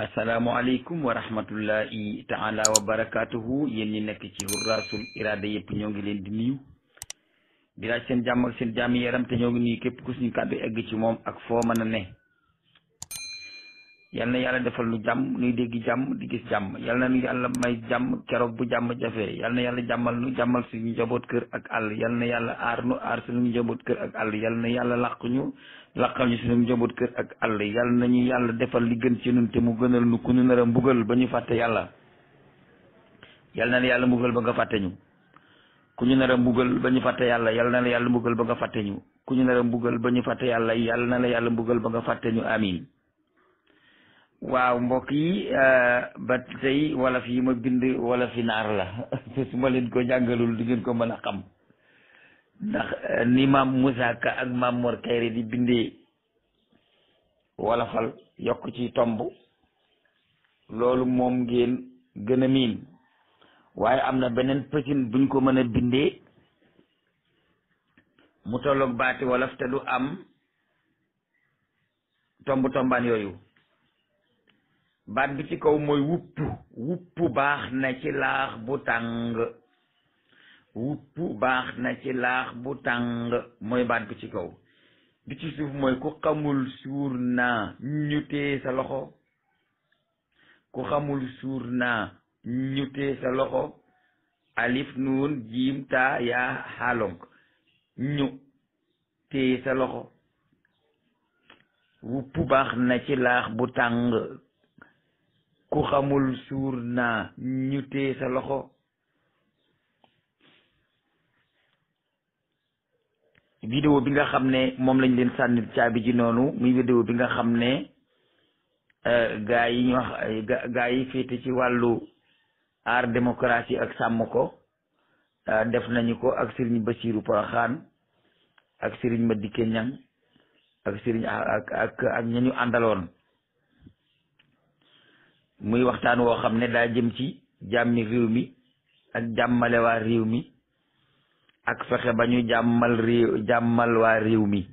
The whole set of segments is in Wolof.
asalaamualeykum wa rahmatullahi taala wa barakatuhu yéen ñi nekk ci hurrasul irada yëpp ñoo ngi leen di nuyu di laaj seen jàmm ak seen jàmm yaram te ñoo ngi nuyu képp ku suñu kàddu egg ci moom ak foo mën a ne yal na yàlla defal nu jàmm nuy dégg jàmm di gis jàmm yal na nu yàlla may jàmm keroog bu jàmm jafee yal na yàlla jàmmal nu jàmmal suñu njaboot kër ak àll yal na yàlla aar nu aar suñu njaboot kër ak àll yal yàlla làq ñu làqal ñu suñu njaboot kër ak àll yal na ñu yàlla defal li gën ci nun te mu gënal nu ku ñu nar a mbugal ba ñu fàtte yàlla yal na yàlla mbugal ba nga fàtte ñu ku ñu nar mbugal ba ñu fàtte yàlla yal na la yàlla mbugal ba nga fàtte ñu ku ñu nar mbugal ba ñu fàtte yàlla yal na yàlla mbugal ba nga fàtte ñu amin waaw mbokk yi euh, ba tey wala fi ma bind wala fi naar la te leen ko jàngalul di ngeen ko mën a xam ndax euh, ni maam Moussa Ka ak maam Mor Kayre di bindee wala fal yokk ci tomb loolu moom ngeen gën waaye am na beneen pësin buñ ko mën a bindee mu tolloog baati wolof te du am tomb tombaan yooyu baat bi ci kaw mooy wuppu wuppu baax na ci laax bu tàng wuppu baax na ci laax bu tàng mooy baat bi ci kaw bi ci suuf mooy ku xamul suur na ñu tee sa loxo ku xamul suur na ñu tee sa loxo alif nuun jiim taa ya xaalonk ñu tee sa loxo wuppu baax na ci laax bu tàng ku xamul suur naa ñu téye sa loxo vidéo bi nga xam ne moom lañ leen sànni caabi ji noonu muy vidéo bi nga xam ne euh, gaa yi gaa yi féete ci wàllu aar démocratie ak sàmm ko euh, def nañu ko ak sëriñ Basiiru Poroxaan ak sëriñ Madické Niang ak sëriñ ak ak ak ña ñu àndaloon muy waxtaan woo xam ne daa jëm ci jàmmi réew mi ak jàmmale waa réew mi ak fexe ba ñu jàmmal réew jàmmal waa réew mi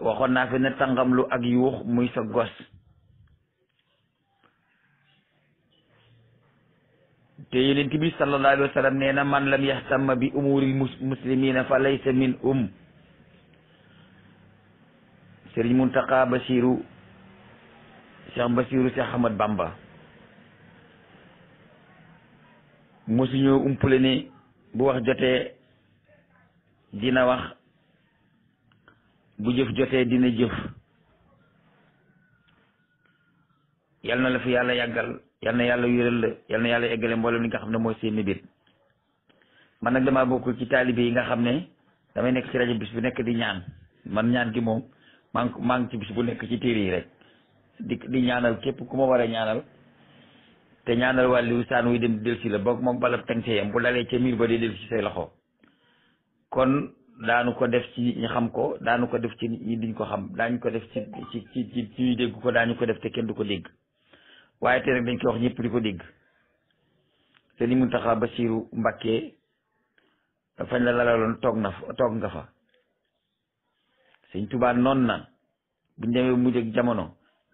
waxoon naa fi ne tàngamlu ak yuux muy sa gos te yenent bi sallallahu alayhi wa sallam nee na man lam yaxtamma bi umuril muslimina fa laysa min um sëriñ Muntaqa Basiru Cheikh Basiru Cheikh Ahmad Bamba mosuñoo umpale ni bu wax jotee dina wax bu jëf jotee dina jëf yal na la fi yàlla yàggal yal na yàlla wéral la yal na yàlla eggale mboolem li nga xam ne mooy seen mébét man nag damaa bokk ci taalibe yi nga xam ne damay nekk ci rajo bis bu nekk di ñaan man ñaan gi moom maa ngi maa ci bis bu nekk ci téere yi rek di di ñaanal képp ku ma war a ñaanal te ñaanal wàllu saan wuy dem delsi la boog moom balab tang yam bu dalee ca miir ba di delsi say loxo kon daanu ko def ci ñu xam ko daanu ko def ci ñi duñ ko xam daañu ko def ci ci dégg ko daañu ko def te kenn du ko dégg waaye te nag dañ koy wax ñëpp di ko dégg Sëriñ Muntaxa Basiru Mbakke fañ la lalaloon toog na fa toog nga fa sëñ Tuubaa noon na bu ñu demee mujj ak jamono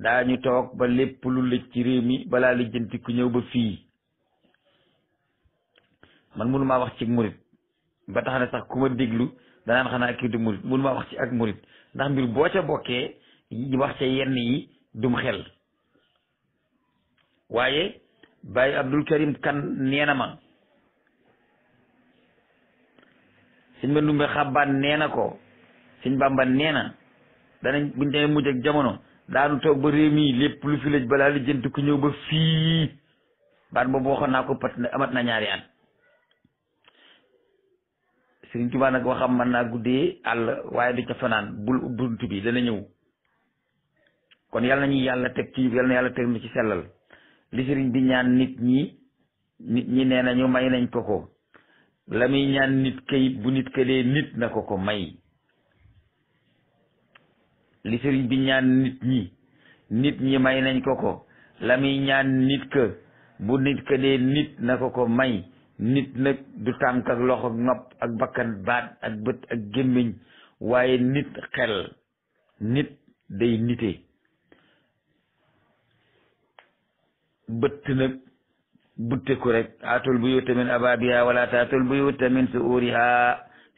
daañu toog ba lépp lu lëj ci réew mi balaa lijjanti ku ñëw ba fii man mënu wax ci murit ba tax na sax ku déglu danaan xanaa kii du murit mënu wax ci ak murit ndax mbir boo ca bokkee wax ca yenn yi dum xel waaye Baye Abdul Karim kan nee na ma sëñ ma ndumbe xabbaan nee na ko sëñ Bàmba nee na danañ buñ demee mujj ak jamono daanu toog ba réew mi lépp lu fi laj balaa lijjanti ku ñëw ba fii baat boobu waxoon naa ko pat amat na ñaari at Sëriñ Tuubaa nag waxam mën naa guddee àll waaye du ca fanaan bul bunt bi dana ñëw kon yàlla nañu yàlla teg ci yàlla na yàlla teg nu ci sellal li sëriñ bi ñaan nit ñi nit ñi nee nañu may nañ ko ko la muy ñaan nit kayit bu nit këlee nit na ko ko may li sëriñ bi ñaan nit ñi nit ñi may nañ ko ko la ñaan nit ka bu nit ka dee nit na ko ko may nit nag du tànk ak loxo nopp ak bakkan baat ak bët ak gémmiñ waaye nit xel nit day nite bëtt nag butteku rek atul buyuuta min abaabiha wala taatul buyuuta min suuriha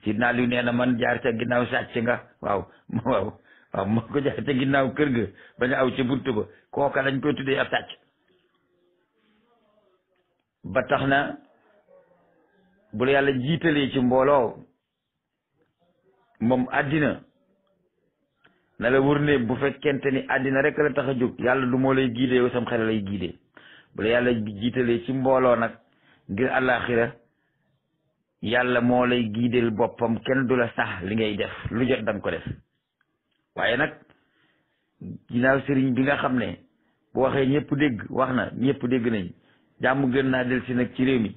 sidna lu nee na man jaar ca ginnaaw sàcc nga waaw waaw waaw ah, moo ko jaay te ginnaaw kër ga bañ a aw ca bunt ba kooka dañ koy tuddee ab sàcc ba tax na bu la yàlla jiitalee ci mbooloo moom àddina na la wër ne bu fekkente ni àddina rekk la tax a jóg yàlla du moo lay giidee yow sam lay giidee bu la yàlla jiitalee ci mbooloo nag ngir àllaaxira yàlla moo lay giideel boppam kenn du la sax li ngay def lu jot danga ko def waaye nag ginnaaw sëriñ bi nga xam ne bu waxee ñëpp dégg wax na ñëpp dégg nañ jàmm gën naa del nag ci réew mi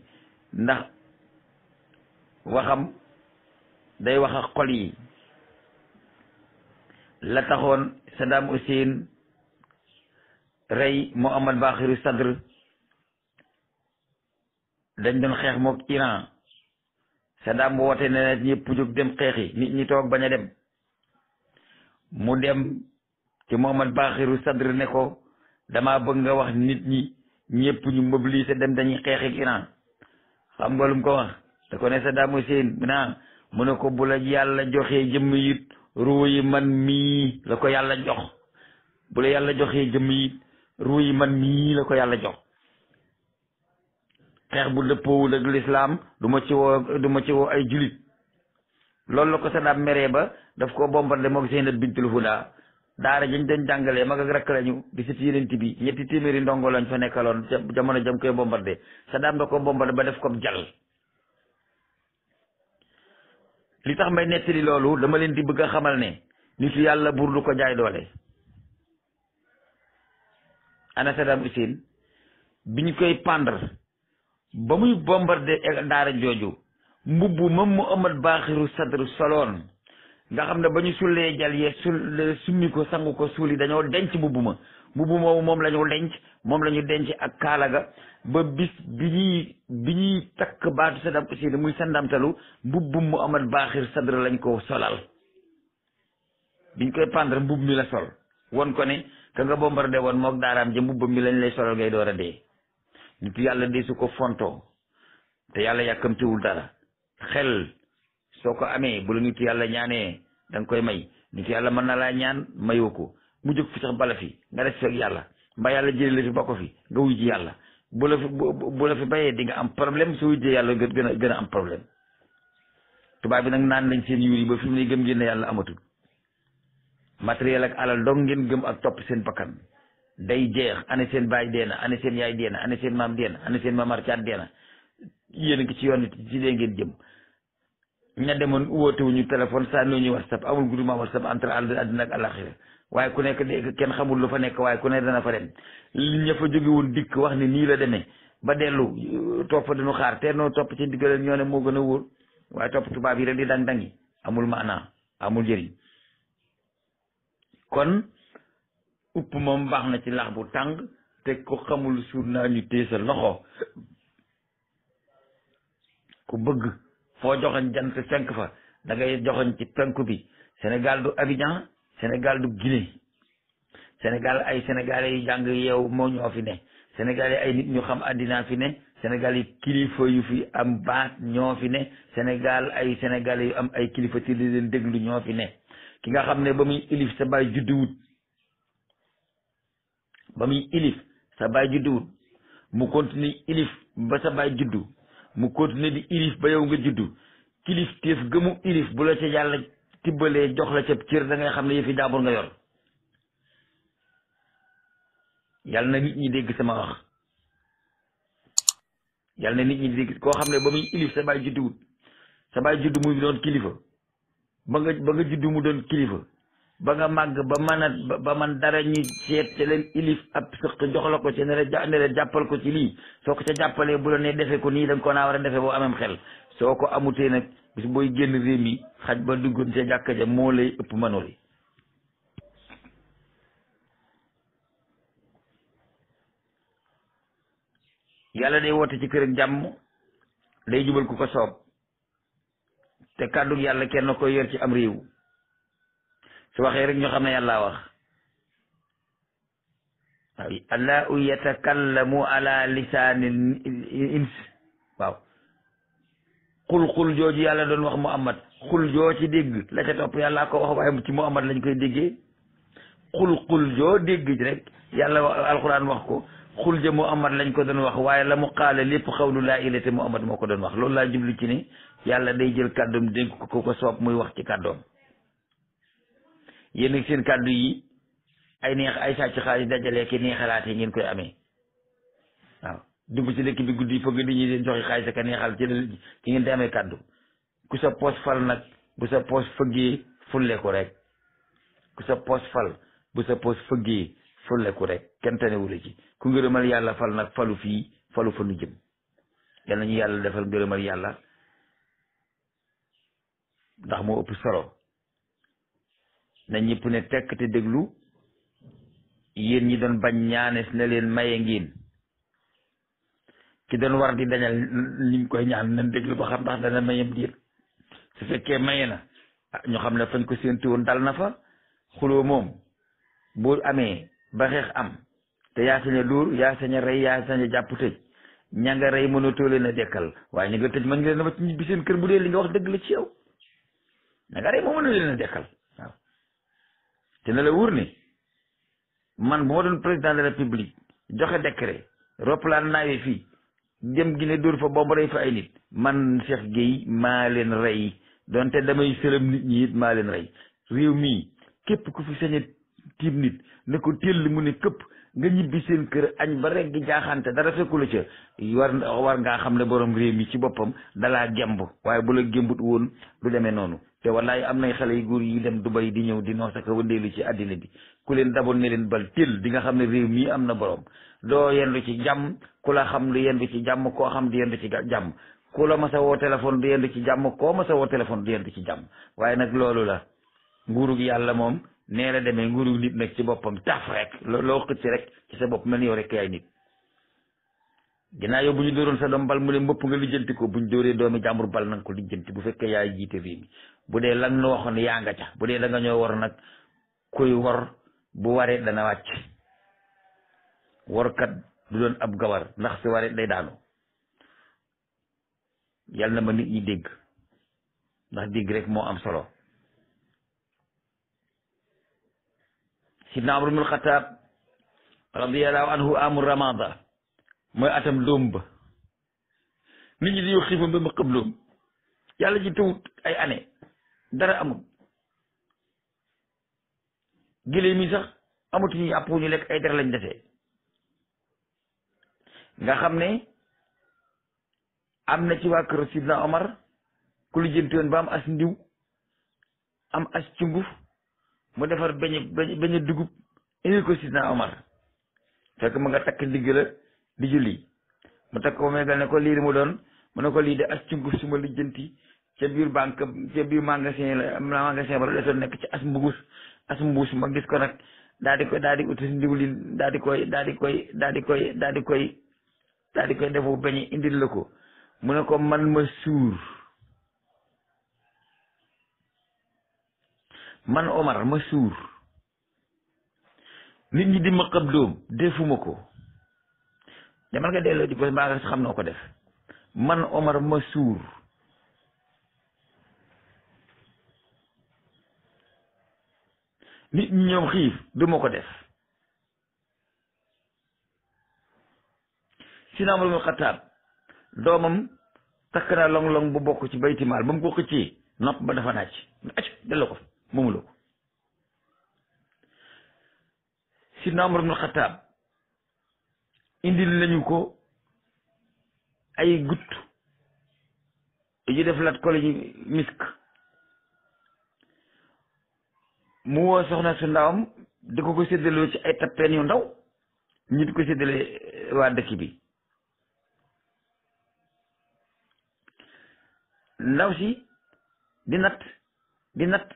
ndax waxam day wax xol yi la taxoon Saddam Hussein rey Mohammad Bakhiru Sadr dañ doon xeex mook Iran Saddam woote ne na ñëpp jóg dem xeexi nit ñi toog bañ a dem mu dem ki ci Mohamad Baxiru Sadr ne ko dama bëgg nga wax nit ñi ñëpp ñu mobiliser dem dañuy xeex ak Iran xam nga lu mu ko wax da ko ne Saddam Hussein mu ne ah, ko bu la yàlla joxe jëmm it ruu yi man mii la ko yàlla jox bu yàlla joxee jëmm it ruu yi man mii la yàlla jox xeex bu dëppoowul ak lislaam du ma ci woo du ma ci woo ay julit loolu la ko Saddam meree ba daf koo bombardé moog Zeynab bintul Huda daara jañ doon jàngalee mag ak rakk lañu di si yeneen bi ñetti téeméeri ndongo lañ fa nekkaloon jamono jam koy bombardé Saddam da ko bombardé ba def ko jàll. li tax may loolu dama leen di bëgg a xamal ne yàlla buur du ko jaay doole. ana Saddam Hussein bi ñu koy pendre ba muy bombardé daara jooju mbubb moom mu amat baaxiru sadru soloon. nga xam ne ba ñu sullee jal yee sul summi ko sangu ko suuli dañoo denc mbubb ma mbubb moomu moom la ñu denc moom la ñu denc ak kaala ga ba bis bi ñuy bi ñuy takk baatu sadam aussi muy sandamtalu mbubbum mu amat baaxir sadra lañ ko solal biñ koy pendre mbubb mi la sol won ko ne ka nga bombardé woon moo daaraam ja mbubbam mi lañ lay solal ngay door a dee nit yàlla de su ko fontoo te yàlla yàkkamtiwul dara xel soo ko amee bu la nitu yàlla ñaanee da koy may nitu yàlla mën na laa ñaan mayoo ko mu jóg fi sax bala fi nga des feeg yàlla mbaa yàlla jëlee la fi bokk fi nga wuy ji yàlla bu la fi bayee di nga am problème soo wujjee yàlla gën a gën a am problème tubaab nag naan lañ seen ba fi mu ne gëm ngeen yàlla amatul matériel ak alal dong ngeen gëm ak topp seen bakkan day jeex ane seen baay dee na ane seen yaay dee na ane seen maam dee na ane seen maamar caat dee na yéen a ngi ci yoon ci ngeen jëm ña demoon woote wu ñu téléphone saa ñoo ñu whatsapp amul groupement whatsapp entre àddina ak alaxira waaye ku nekk de kenn xamul lu fa nekk waaye ku ne dana fa dem li ña fa jóge woon dikk wax ni nii la demee ba dellu toog fa dañu xaar te noo topp ci diggaleen ñoo ne moo gën a wóor waaye topp tubaab yi rek di dang-dang yi amul maanaa amul jëriñ kon upp moom baax na ci laax bu tàng te ko xamul suur naa ñu téye sa loxo ku bëgg foo joxoñ jant fenk fa da ngay joxoñ ci penku bi Sénégal du Abidjan Sénégal du Guinée Sénégal ay sénégalais yu jàng yeew moo ñoo fi ne sénégalais ay kilifa yu fi am baat ñoo fi ne Sénégal ay sénégalais yu am ay kilifa ci li leen ñoo fi ne ki nga xam ne ba muy ilif sa baay judduwut ba muy ilif sa baay judduwut mu continue ilif ba sa baay juddu mu continuer di ilif ba yow nga juddu kilif téef gëmu ilif bu la ca yàlla tibbalee jox la ca cër da ngay xam ne yëfi jaabur nga yor yàlla na nit ñi dégg sama wax yàlla na nit ñi dégg koo xam ne ba muy ilif sa baay judduwut sa baay juddu muy doon kilifa ba nga ba nga juddu mu doon kilifa ba nga màgg ba mën man dara ñu seet te leen ilif ab sëq jox la ko ci ne jàppal ko ci lii soo ko ca jàppalee bu la ne defee ko nii da nga ko naa war a defee boo amem xel soo ko amutee nag bis booy génn réew mi xaj ba dugg ca jàkka ja moo lay ëpp mënul yàlla day woote ci kër ak jàmm day jubal ku ko soob te kàddu yàlla kenn koy yor ci am réew su waxee rek ñoo xam ne yàlla wax waaw allah u yatakallamu ala lisaanil ins waaw xul xul jooju yàlla doon wax mu muhammad xul joo ci dégg la ca topp yàlla ko wax waaye ci muhammad lañ koy déggee xul xul joo dégg rek yàlla alquran wax ko xul ja muhammad lañ ko doon wax waaye la mu xaale lépp xawlu laa mu muhammad moo ko doon wax loolu laa jublu ci ni yàlla day jël kàddoom dénk ko ko soob muy wax ci kàddoom yéen ak seen kàddu yi ay neex ay sàcc xaalis dajale ki neexalaate ngeen koy amee waaw dugg ci dëkk bi guddi foog nit ñi seen joxe xaalis ak neexal ci ci ngeen di amee kàddu ku sa poos fal nag bu sa poos fëggee fulle ko rek ku sa poos fal bu sa poos fëggee fulle ko rek kenn ci ku ngërëmal yàlla fal nag falu fii falu fa nu jëm yal nañu yàlla defal ngërëmal yàlla ndax moo ëpp solo na ñëpp ne tekk te déglu yéen ñi doon bañ ñaane na leen maye ngeen ki doon war di dañal liñ koy ñaan nañ déglu ba xam ndax dana mayem diir su fekkee maye na ah, ñoo xam ne fañ ko séentu woon dal na fa xuloo moom boo amee ba xeex am te yaa sañ a dóor yaa sañ a rey yaa sañ jàpp tëj ña nga rey mënatoo dekkal waaye ña nga tëj mën a seen kër bu dee wax dëgg la ci yow leen a dekkal te na la wóor ni man bu ma doon président de la république joxe décret roppalaan naawee fii dem gi ne dóor fa bomb rey fa ay nit man Cheikh Gueye maa leen rey donte damay sërëm nit ñi maa leen rey réew mii képp ku fi sañe tiim nit ne ko téll mu ne këpp nga ñibbi seen kër añ ba rekk jaaxante dara fekku la ca war war ngaa xam ne borom réew mi ci boppam dalaa gemb waaye bu la gembut woon du demee noonu te wallaay am nay xale yu góor yi dem Dubai di ñëw di noosaka wëndeelu ci àddina bi ku leen daboon ne leen bal teel di nga xam ne réew mii am na borom doo yendu ci jàmm ku la xam du yendu ci jàmm koo xam du yendu ci jàmm ku la masa woo téléphone du yendu ci jàmm koo masa woo téléphone du ci jàmm waaye nag loolu la nguurug yàlla moom nee la demee nguuru nit nekk ci boppam taf rek loo xëcc rek ci sa bopp mel ni yow rek yaay nit ginnaaw yow bu ñu dóoroon sa doom bal mu ne mbëpp nga lijjanti ko bu ñu dóoree doomi jàmbur bal na ko lijjanti bu fekkee yaay jiite réew mi bu dee lan nu waxoon yaa nga ca bu dee da nga ñoo nag kuy war bu waree dana wàcc kat du doon ab gawar ndax si waree day daanu yal na ma nit ñi dégg ndax dégg rek moo am solo sidna amar ibnul xataab radiallahu anhu amul ramada mooy atam doom ba nit ñi dañoo xiifam ba ma xëb loom yàlla ji tawut ay année dara amul giléem yi sax amatuñu àpp ñu lekk ay dara lañ defee nga xam ne am na ci waa kër sidna omar ku lijjanti ba am as ndiw am as cunguf mu defar beñu beñu dugub indi ko sidna Omar fekk mu nga takk ndigg la di julli mu takk ko meegal ne ko lii mu doon mu ne ko lii de as cunguf suma lijjanti ca biir banque ca biir magasin la magasin ba la desoon nekk ci as mbugus as mbuus ma gis ko nag daa di koy daa di uti si ndiwlin daa di koy daa koy daa di koy daa di koy daa di koy defu beñe indil la ko mu ne ko man ma suur man Omar ma suur nit ñi di ma xab doom defuma ko demal nga delloo ji ko nga xam noo ko def man Omar ma suur nit ñi ñoom xiif duma ko def sina Umar ibn Xattaab doomam takk naa long bu bokk ci baytimaal ba mu ko xëccee nopp ba dafa naaj ac delloo ko moomuloo ko sidna Umar ibn Xataab indil lañu ko ay gutt yu def lat kole misk mu woo soxna su ndawam di ko ko séddaloo ci ay tappeen yu ndaw ñu di ko séddale eh, waa dëkk bi ndaw si di natt di natt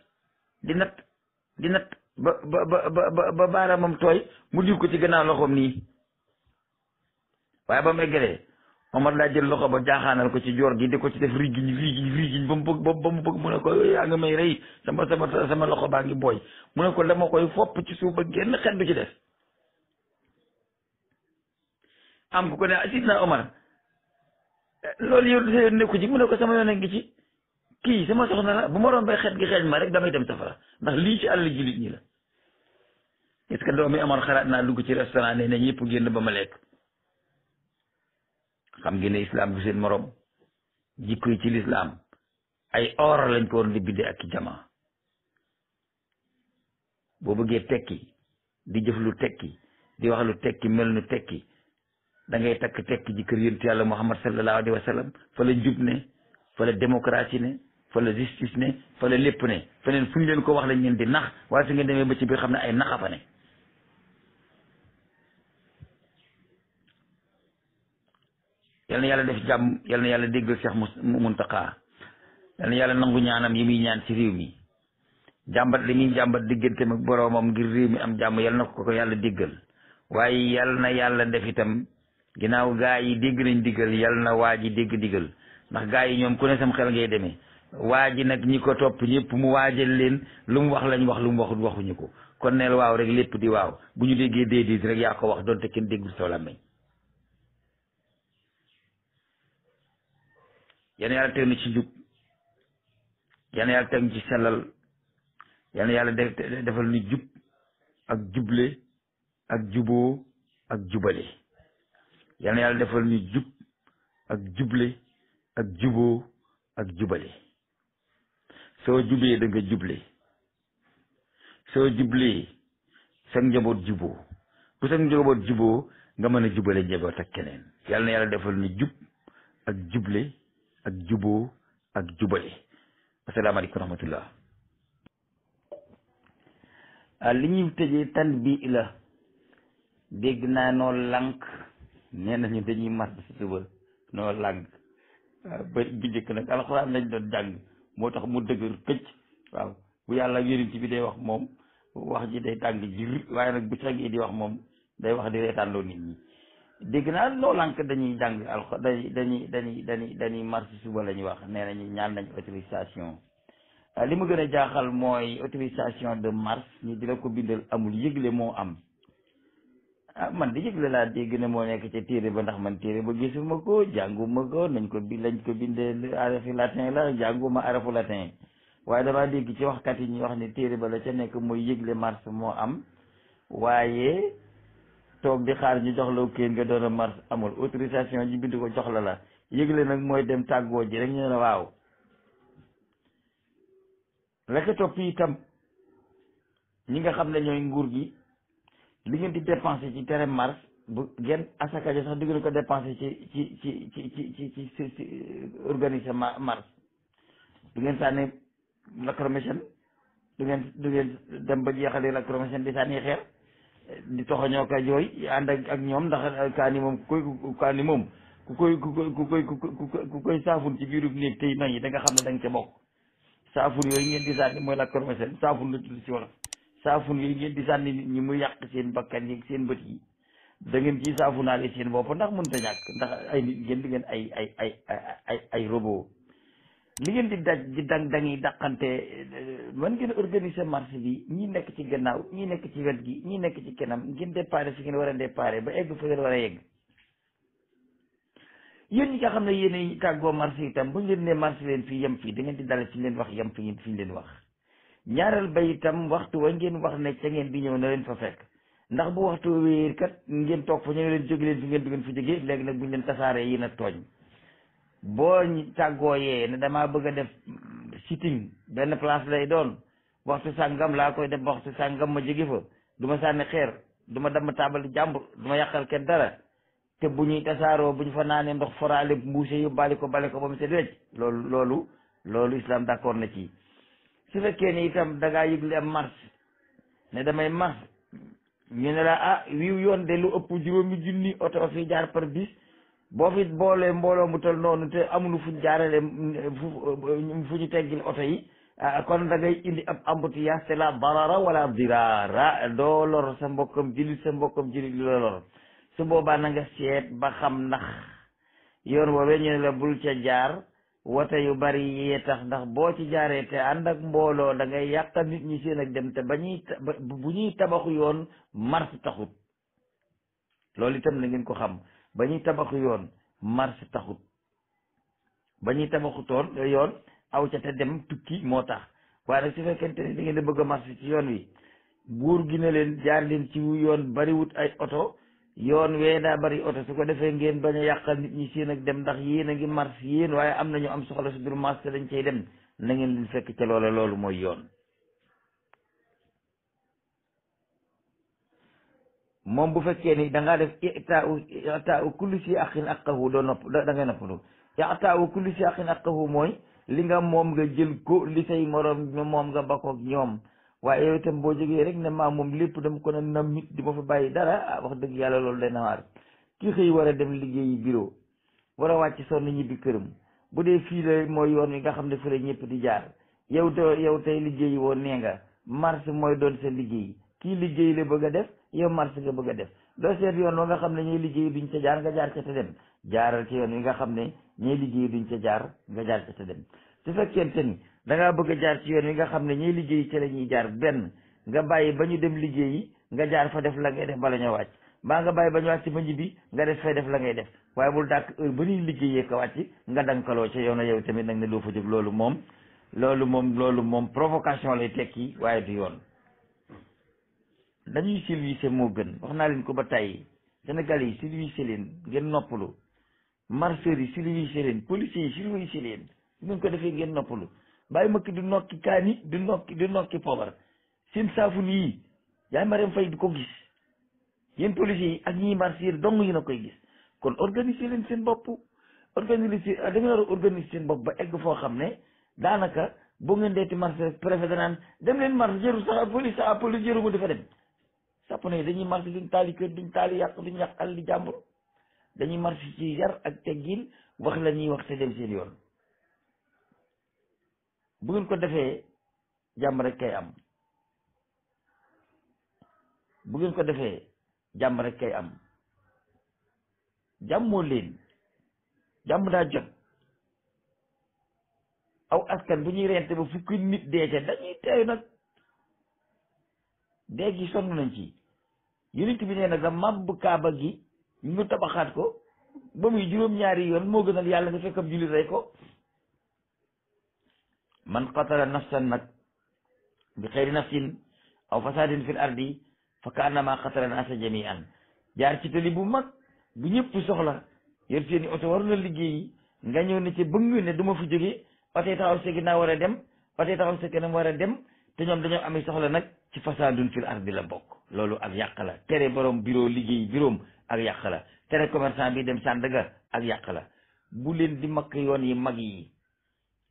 di natt di natt ba ba ba ba baaraamam tooy mu diw ko ci gannaaw loxoom nii waaye ba mu eggalee Omar laa jël loxo ba jaaxaanal ko ci joor gi di ko ci def rigiñ rigiñ rigiñ ba mu bëgg ba mu bëgg mu ne ko eh, yaa nga may rey sama sama sama loxo baa ngi booy mu ne ko dama koy fopp ci suuf ba génn xet du ci def am ko ne asid ah, naa Omar eh, loolu yow nekku ci mu ne ko sama yoon a ngi ci kii sama soxna la bu ma rombee xet gi xeeñ ma rek damay dem safara ndax lii ci àll jullit ñi la est-ce que doom yi naa lugg ci restaurant ne ne ñëpp génn ba ma lekk xam ngeen ne islam du seen morom jikko yi ci lislaam ay or lañ ko waroon di bindee ak jamaa boo bëggee tekki di jëf lu tekki di wax lu tekki mel nu tekki da ngay takk tekki ji kër yàlla muhammad sallallahu alayhi wa sallam fa la njub ne fa la démocratie ne fa la justice ne fa la lépp ne feneen fu ñu leen ko wax lañ leen di nax waaye su ngeen demee ba ci biir xam ne ay naxa fa ne yal na yàlla def jàmm yal na yàlla déggal Cheikh Mountakha yal na yàlla nangu ñaanam yi muy ñaan ci réew mi jàmbat li muy jàmbat digganteem ak boroomam ngir réew mi am jàmm yal na ko ko yàlla déggal waaye yal na yàlla def itam ginnaaw gaa yi dégg nañ diggal yal na waa ji dégg diggal ndax gaa yi ñoom ku ne sam xel ngay demee waa ji nag ñi ko topp ñëpp mu waajal leen lu mu wax lañ wax lu mu waxut waxuñu ko kon neel waaw rek lépp di waaw bu ñu déggee déedéet rek yaa ko wax doonte kenn déggul soo làmmiñ yan yàlla teg na ci jub yan yàlla teg ci sellal yan yàlla defal ni jub ak juble ak juboo ak jubale yan yàlla defal nu jub ak juble ak juboo ak jubale soo jubee da nga juble soo jublee sa njaboot juboo bu sa njaboot juboo nga mën a jubale njaboot ak keneen yàlla na yàlla defal ni jub ak juble ak juboo ak jubale asalaamaaleykum wa rahmatullah ah, li ñuy tëjee tan bii la dégg naa noo lànk nee nañu dañuy mar bi si suba noo lànk ah, ba bi nag alxuraan lañ doon jàng moo tax mu dëgër këcc waaw bu yàlla ak yonent bi day wax moom wax ji day tàng jir waaye nag bu ci yi di wax moom day wax di reetaanloo nit ñi dégg naa noolank dañuy jàng alxo dañuy dañuy dañuy dañuy dañuy marché suba la ñuy wax nee nañu ñaan nañ autorisation li ma gën a jaaxal mooy autorisation de marche ñu di la ko bindal amul yégle moo am ah man di yëgle laa dégg ne moo nekk ca téere ba ndax man téere ba gisuma ko jànguma ko nañ ko bi lañ ko bindee arafu latin la jànguma arafu latin waaye damaa dégg ci waxkat yi ñuy wax ne téere ba la ca nekk mooy yëgle mars moo am waaye toog di ñu jox la kéen nga doon a mars amul autorisation ji bind ko jox la la yëgle nag mooy dem tàggoo ji rek ñu ne la waaw la ca topp itam ñi nga xam ne ñooy nguur gi li ngeen di dépensé ci terrain mars bu ngeen asaka ja sax du ngeen ko dépensé ci ci ci ci ci ci ci ci euh, organisé mars du ngeen sànni lacrymogène du ngeen du ngeen dem ba jeexale lacrymogène di sànni xeer di toxoñoo ka jooy ànd ak ak ñoom ndax kaani moom ku koy kaani moom ku koy ku koy ku koy ku koy saafun ci biirub néeg tey noyyi da nga xam ne da nga ca bokk saafun yooyu ngeen di sànni mooy lacrymogène saafun la tudd si wolof saafun yi ngeen di sànni nit mu yàq seen bakkan yi seen bët yi da ngeen ciy saafunaale seen bopp ndax mënut ay nit ngeen di ngeen ay ay ay ay ay ngeen di daj di dang dangi dàqante euh, man ngeen organiser marché bi ñi nekk ci gannaaw ñi nekk ci wet gi ñi nekk ci kanam ngeen déparé fi ngeen war a déparé ba egg fa ngeen war a yegg yéen ñi nga xam ne yéen tàggoo marché yi bu ñu leen ne marché leen fii yem fii da ngeen di dale fi leen wax yem fi fi ñu leen wax ñaareel ba itam waxtu wa ngeen wax ne ca ngeen di ñëw na leen fa fekk ndax bu waxtu wéer kat ngeen toog fa ñu leen jóge leen fi ngeen du ngeen fa jóge léegi nag ñu leen tasaaree yi na tooñ boo tàggooyee ne damaa bëgg a def sitting benn place lay doon waxtu sàngam laa koy def waxtu sàngam ma jóge fa du ma sànni xeer du ma damm taabal jàmbur du ma yàqal kenn dara te bu ñuy tasaaroo bu ñu fa naanee ndox foraale mbuuse yu bali ko bale ko ba mu set wecc loolu loolu loolu islam d'accord na ci su fekkee ni itam da ngaa yëgle am marche ne damay marche ñu ne la ah wiw yoon de lu ëpp juróomi junni oto fi jaar par bis boo fi boolee mbooloo mu toll noonu te amuñu fu ñu jaarale fu ñu teggil oto yi ah, kon da ngay indi am embouteillage te la barara wala dirara doo lor sa mbokkam jullit sa mbokkam jullit lu lor su boobaa na nga seet ba xam ndax yoon woowee ñu ne la bul ca jaar wote yu bari yee tax ndax boo ci jaaree te ànd ak mbooloo dangay ngay yàq nit ñi seen ak dem te ba ñuy bu ñuy tabaxu yoon mars taxut loolu itam na ngeen ko xam ba ñuy tabaxu yoon mars taxut ba ñuy tabaxu toon yoon aw ca te dem tukki moo tax waaye nag su fekkente ni da ngeen di bëgg a mars ci yoon wi buur gi ne leen jaar leen ci yoon bariwut ay oto yoon wee daa bari oto su ko defee ngeen bañ a yàqal nit ñi seen ak dem ndax yéen a ngi mars yéen waaye am na ñu am soxla su dul mars te dañ cay dem na ngeen leen fekk ca loola loolu mooy yoon moom bu fekkee ni da ngaa def itaau itaau kulli si aqin aqahu doo nopp da ngay noppalu itaau kulli si aqin aqahu mooy li nga moom nga jël ko li say morom moom nga bakkoog ñoom waaye yow itam boo jegee rek ne maa moom lépp dama ko ne nam nit di ma fa bàyyi dara ah, wax dëgg yàlla loolu day nawaar kii xëy war a dem liggéeyi bureau war a wàcc sonn ñibbi këram bu dee fii la mooy yoon wi nga xam ne fële ñëpp di jaar yow too yow tey liggéeyi woo nee nga mars mooy doon sa liggéey kii liggéey la bëgg a def yow mars nga bëgg a def doo seet yoon wa nga xam ne ñooy liggéey duñ ca jaar nga jaar ca te dem jaaral ci yoon wi nga xam ne ñooy liggéey duñ ca jaar nga jaar ca te dem su fekkente ni da ngaa bëgg jaar ci yoon wi nga xam ne ñiy liggéey ci la ñuy jaar benn nga bàyyi ba ñu dem liggéeyi nga jaar fa def la ngay def bala ñoo wàcc baa nga bàyyi ba ñu wàcc ba ñibbi nga def fay def la ngay def waaye bul dàkk ba ñuy liggéeyee ko wàcc nga dankaloo ca yow na yow tamit nag ne doo fa jóg loolu moom loolu moom loolu moom provocation lay tekki waaye du yoon dañuy silvissé moo gën wax naa leen ko ba tàyyi Sénégal yi silvissé leen ngeen noppalu marcheurs yi silvissé leen policiers yi silvissé leen bu ñu ko defee ngeen noppalu bàyyi ma ki di nokki kaani di nokki di nokki poobar seen saafun yii yaay Marème Faye di ko gis yéen policiers yi ak ñiy marchés dong yi na koy gis kon organiser leen seen bopp organiser ah, da ngeen seen bopp ba egg foo xam ne daanaka boo ngeen deeti marché préfet danaan dem leen marché jëru sax police sax ah, police jëru mu dafa dem sàpp ne dañuy marché duñ taali kër duñ taali yàq duñ yàq àll di jàmbur dañuy marché ci yar ak teggin wax la ñuy wax te dem seen yoon bu ngeen ko defee jàmm rek kay am bu ngeen ko defee jàmm rek kay am jàmmoo leen jàmm daa jot aw askan bu ñuy rente ba fukki nit dee ca dañuy teey nag dee gi sonn nañ ci yonent bi nee nag da màbb kaaba gi ñu tabaxaat ko ba muy juróom-ñaari yoon moo gënal yàlla nga fekkam jullit rey ko man qatala nafsan nag bi xeyri nafsin aw fasadin fil ardi fa kaannama qatala naasa jami'an jaar ci tali bu mag bu ñëpp soxla yor seeni oto waru la liggéeyi nga ñëw ne ci bëng ne du ma fi jóge oto yi taxaw sa ginnaaw war a dem oto yi taxaw sa kanam war a dem te ñoom dañoo amee soxla nag ci fasadun fil ardi la bokk loolu ak yàq la tere borom bureau liggéey bureau ak yàq la tere commerçant bi dem Sandaga ak yàq la bu leen di makk yoon yi mag yi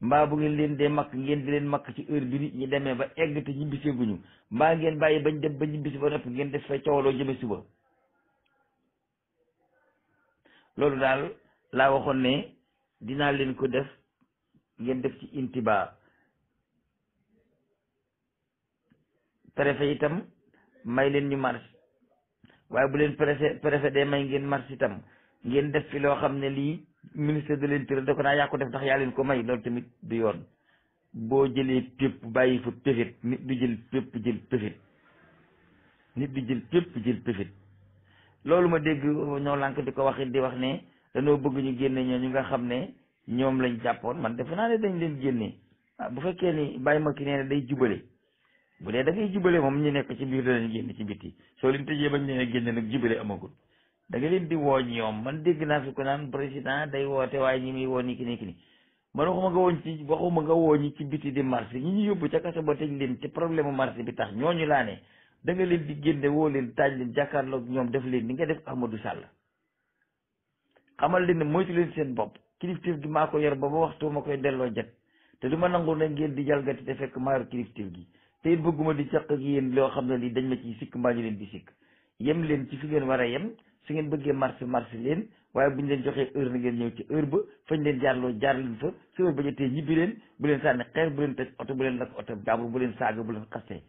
mbaa bu ngeen leen dee makk ngeen di leen makk ci heure bi nit ñu demee ba egg te ñibbisee ñu mbaa ngeen bàyyi bañ dem ba ñibbisi ba noppi ngeen def fay coowaloo jëme suba loolu daal laa waxoon ne dinaa leen ko def ngeen def ci intiba préfet itam may leen ñu marche waaye bu leen préfet préfet dee may ngeen marche itam ngeen def fi loo xam ne lii ministre de l'intérieur da ko naa yaa ko def ndax yaa leen ko may loolu tamit du yoon boo jëlee pépp bàyyi fa péfit nit du jël pépp jël péfit nit du jël pépp jël péfit loolu ma dégg ñoo lànk di ko wax di wax ne dañoo bëgg ñu génne ñoo ñu nga xam ne ñoom lañ jàppoon man defe naa ne dañ leen génne ah bu fekkee ni bàyyi ma ki nee day jubale bu dee dafay jubale moom ñu nekk ci biir danañ génn ci biti soo leen tëjee bañ nee génne nag jubale amagul da nga leen di woo ñoom man dégg naa fi ko naan président day woote waaye ñi muy woo ni ki ni ki ni man waxuma nga woon ci waxuma nga woo ñi ci biti di marché ñi ñu yóbbu ca kaso ba tëj leen ci problème marché bi tax ñooñu laa ne da nga leen di génne woo leen taaj leen jàkkaarloog ñoom def leen ni nga def Amadou Sall xamal leen ne moytu leen seen bopp kilifteef gi maa ko yor ba ba waxtu ma koy delloo jot te du ma nangu na ngeen di jalgati te fekk maa yor gi te bëgguma di caq ak yéen loo xam ne lii dañ ma ciy sikk mbaa ñu leen di sikk yem leen ci fi ngeen war a yem su ngeen bëggee marché marché leen waaye bu ñu leen joxee heure na ngeen ñëw ci heure ba fañ leen jaarloo jaar leen fa su heure ba jotee ñibbi leen bu leen sànni xeer bu leen tëj oto bu leen lakk oto jàmbur bu leen saaga bu leen xasee